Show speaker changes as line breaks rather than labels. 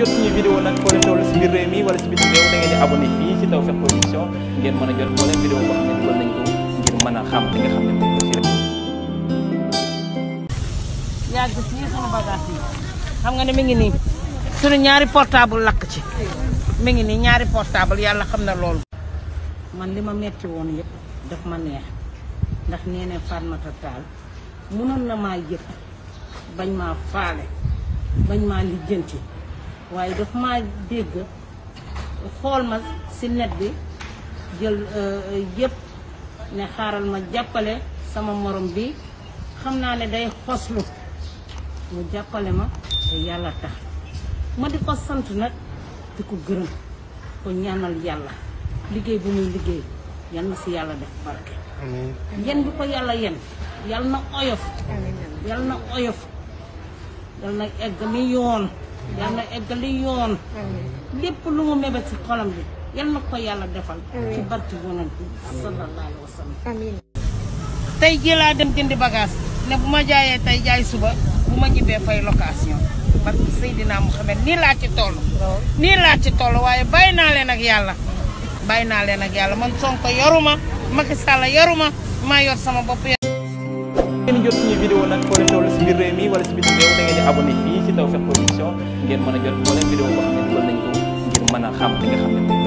jot nii vidéo nag foo leen toll si biir mën a jot moo xam ne a xam nga xam
yi xam nga ne mi ngi nii sunu ñaari portable lakk ci mi ngi nii ñaari portable yàlla xam na loolu. man li ma metti woon yëpp daf ma neex ndax nee ne Fatoumata Tall mënoon na maa yëpp bañ maa faale bañ maa lijjanti. waaye daf maa dégg xool ma si net bi jël euh, yëpp ne xaaral ma jàppale sama morom bi xam naa ne day xoslu mu jàppale ma te yàlla tax ma di ko sant nag di ko gërëm ko ñaanal yàlla liggéey bi muy liggéey yal na si yàlla def barke yen yàlla yen yal na oyof yal na oyof yal na egg mi yoon yal na eggali lépp lu mu mébét ci xolam bi ko yàlla defal ci barki yonent bi sallallahu alayhi wa sallam amiin tey jii laa dem jëndi bagage ne bu ma jaayee tey jaay suba bu ma ñibbee fay location parce que Seydina Mouhamed nii laa ci toll nii laa ci toll waaye bàyyi naa leen ak yàlla bàyyi naa leen ak yàlla man Sonko yoruma Macky Sall yoruma maa yor sama bopp
ngeen si biir si bitim réew a jot moo leen vidéo boo xam ne dugal nañ ko ngir a xam li